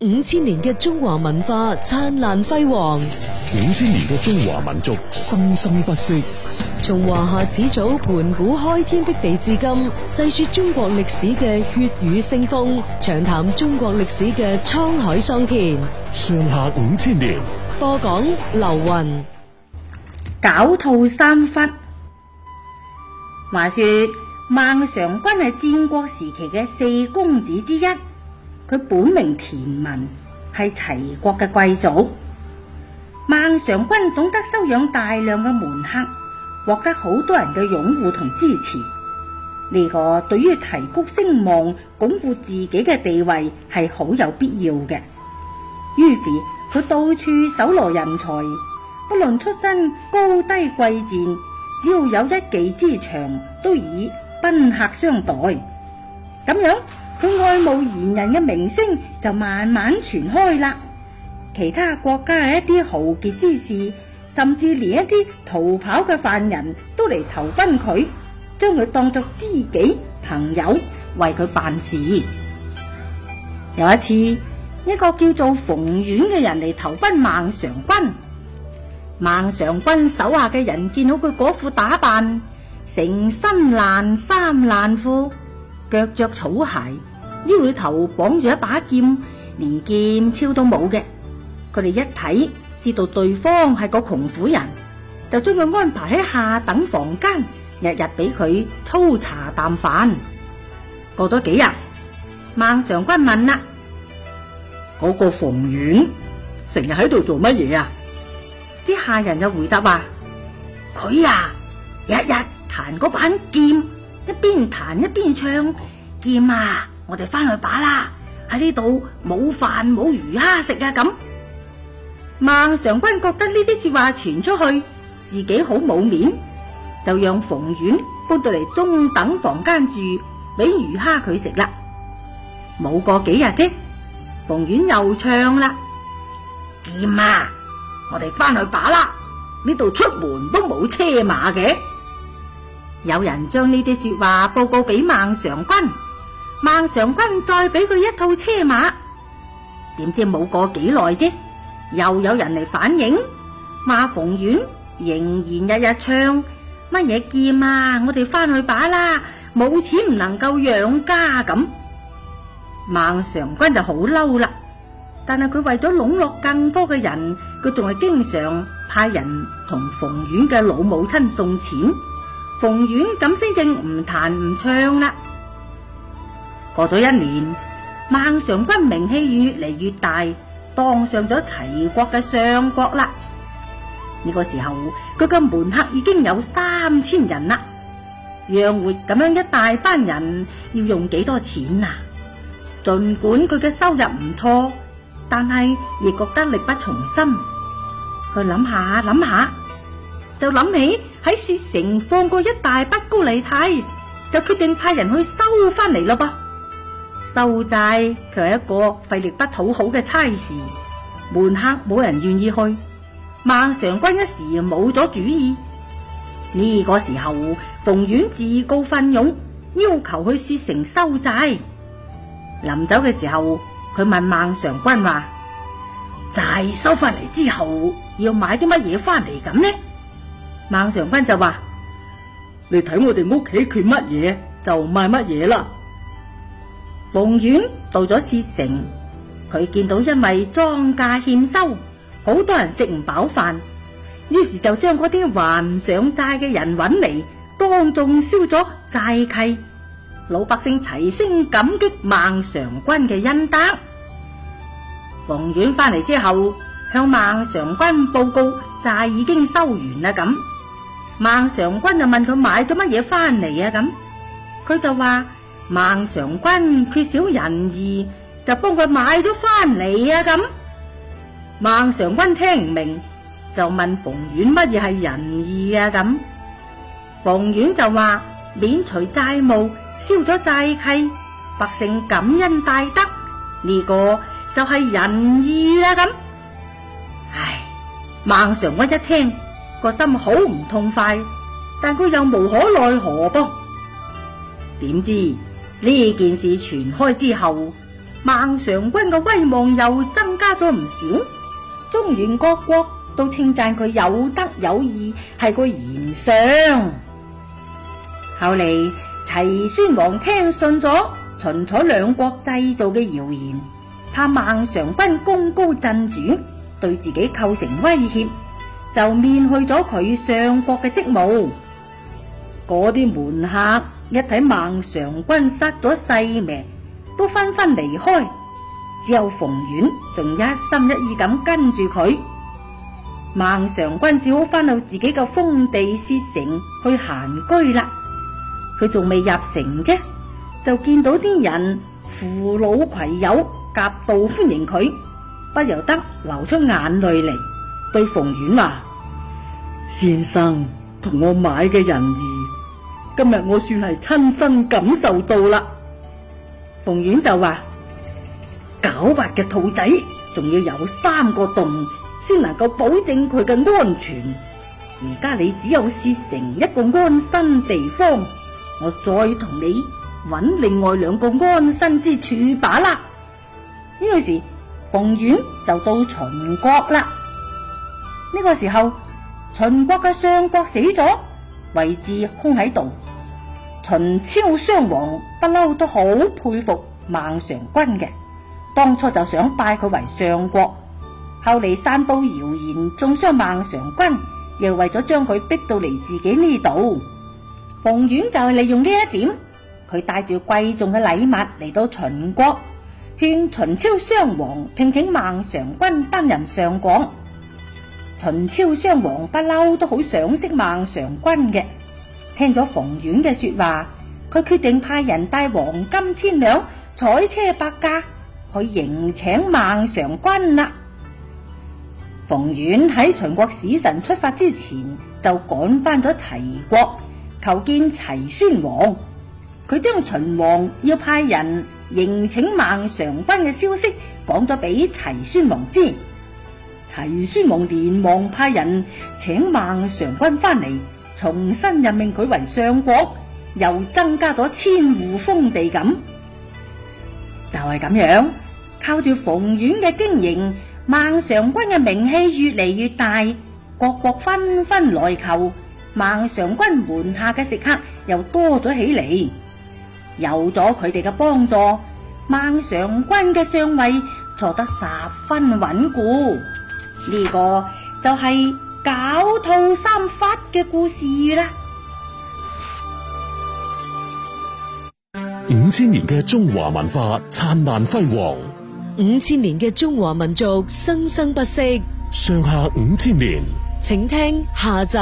五千年嘅中華文化燦爛輝煌，五千年嘅中華民族生生不息。從華夏始祖盤古開天辟地至今，細說中國歷史嘅血雨腥風，長談中國歷史嘅滄海桑田。上下五千年，播講劉雲，狡兔三窟，話說孟嘗君係戰國時期嘅四公子之一。佢本名田文，係齊國嘅貴族。孟嘗君懂得收養大量嘅門客，獲得好多人嘅擁護同支持。呢個對於提高聲望、鞏固自己嘅地位係好有必要嘅。於是佢到處搜羅人才，不論出身高低貴賤，只要有一技之長，都以賓客相待。咁樣。佢愛慕賢人嘅名聲就慢慢傳開啦。其他國家嘅一啲豪傑之士，甚至連一啲逃跑嘅犯人都嚟投奔佢，將佢當作知己朋友，為佢辦事。有一次，一個叫做馮遠嘅人嚟投奔孟嘗君，孟嘗君手下嘅人見到佢嗰副打扮，成身爛衫爛褲。腳着草鞋，腰裏頭綁住一把劍，連劍鞘都冇嘅。佢哋一睇，知道對方係個窮苦人，就將佢安排喺下等房間，日日俾佢粗茶淡飯。過咗幾日，孟嘗君問啦：嗰個馮諼成日喺度做乜嘢啊？啲下人就回答話：佢啊，日日彈嗰把劍。一邊彈一邊唱，劍啊！我哋翻去把啦，喺呢度冇飯冇魚蝦食啊！咁孟嘗君覺得呢啲說話傳出去，自己好冇面，就讓馮諼搬到嚟中等房間住，俾魚蝦佢食啦。冇過幾日啫，馮諼又唱啦，劍啊！我哋翻去把啦，呢度出門都冇車馬嘅。有人將呢啲說話報告俾孟嘗君。孟嘗君再俾佢一套車馬。點知冇過幾耐啫，又有人嚟反映馬馮諼仍然日日唱乜嘢，劍啊！我哋翻去把啦，冇錢唔能夠養家咁。孟嘗君就好嬲啦，但係佢為咗籠絡更多嘅人，佢仲係經常派人同馮諼嘅老母親送錢。馮諼咁先正唔彈唔唱啦。過咗一年，孟嘗君名氣越嚟越大，當上咗齊國嘅相國啦。呢個時候，佢嘅門客已經有三千人啦。養活咁樣一大班人要用幾多錢啊？儘管佢嘅收入唔錯，但係亦覺得力不從心。佢諗下諗下，就諗起。喺薛城放過一大筆高利貸，就決定派人去收翻嚟咯噃。收債佢係一個費力不討好嘅差事，門客冇人願意去。孟嘗君一時冇咗主意，呢、呢個時候馮諼自告奮勇，要求去薛城收債。臨走嘅時候，佢問孟嘗君話：債收翻嚟之後要買啲乜嘢翻嚟咁呢？孟嘗君就話：你睇我哋屋企缺乜嘢就買乜嘢啦。馮遠到咗薛城，佢見到因為莊稼欠收，好多人食唔飽飯，於是就將嗰啲還唔上債嘅人搵嚟，當眾燒咗債契，老百姓齊聲感激孟嘗君嘅恩德。馮遠翻嚟之後，向孟嘗君報告債已經收完啦咁。孟嘗君就問佢買咗乜嘢翻嚟啊？咁佢就話孟嘗君缺少仁義，就幫佢買咗翻嚟啊。咁孟嘗君聽唔明，就問馮遠乜嘢係仁義啊？咁馮遠就話免除債務，燒咗債契，百姓感恩大德，呢、這個就係仁義啦。咁唉，孟嘗君一聽，個心好唔痛快，但佢又無可奈何噃，點知呢件事傳開之後，孟嘗君嘅威望又增加咗唔少，中原各國都稱讚佢有德有義，係個賢相。後嚟齊宣王聽信咗秦楚兩國製造嘅謠言，怕孟嘗君功高震主，對自己構成威脅。就免去咗佢上國嘅職務。嗰啲門客一睇，孟嘗君失咗世命，都紛紛離開，只有馮遠仲一心一意咁跟住佢。孟嘗君只好返到自己嘅封地薛城去閒居啦。佢仲未入城啫，就見到啲人扶老攜幼，夾道歡迎佢，不由得流出眼淚嚟。對馮遠話、啊：先生同我買嘅仁義，今日我算係親身感受到啦。馮遠就話：狡猾嘅兔仔，仲要有三個洞先能夠保證佢嘅安全。而家你只有蝕成一個安身地方，我再同你搵另外兩個安身之處吧啦。呢陣時，馮遠就到秦國啦。呢個時候，秦國嘅相國死咗，位置空喺度。秦昭襄王不嬲都好佩服孟嘗君嘅，當初就想拜佢為相國，後嚟散布謠言中傷孟嘗君，又為咗將佢逼到嚟自己呢度。馮諼就係利用呢一點，佢帶住貴重嘅禮物嚟到秦國，勸秦昭襄王聘請孟嘗君擔任相國。秦昭襄王不嬲都好賞識孟嘗君嘅，聽咗馮諼嘅說話，佢決定派人帶黃金千兩、彩車百架去迎請孟嘗君啦。馮諼喺秦國使臣出發之前就趕翻咗齊國，求見齊宣王。佢將秦王要派人迎請孟嘗君嘅消息講咗俾齊宣王知。齊宣王連忙派人請孟嘗君翻嚟，重新任命佢為相國，又增加咗千戶封地。咁就係、是、咁樣，靠住馮遠嘅經營，孟嘗君嘅名氣越嚟越大，各國紛紛來求，孟嘗君門下嘅食客又多咗起嚟。有咗佢哋嘅幫助，孟嘗君嘅相位坐得十分穩固。呢個就係狡兔三窟嘅故事啦。五千年嘅中華文化燦爛輝煌，五千年嘅中華民族生生不息，上下五千年，請聽下集。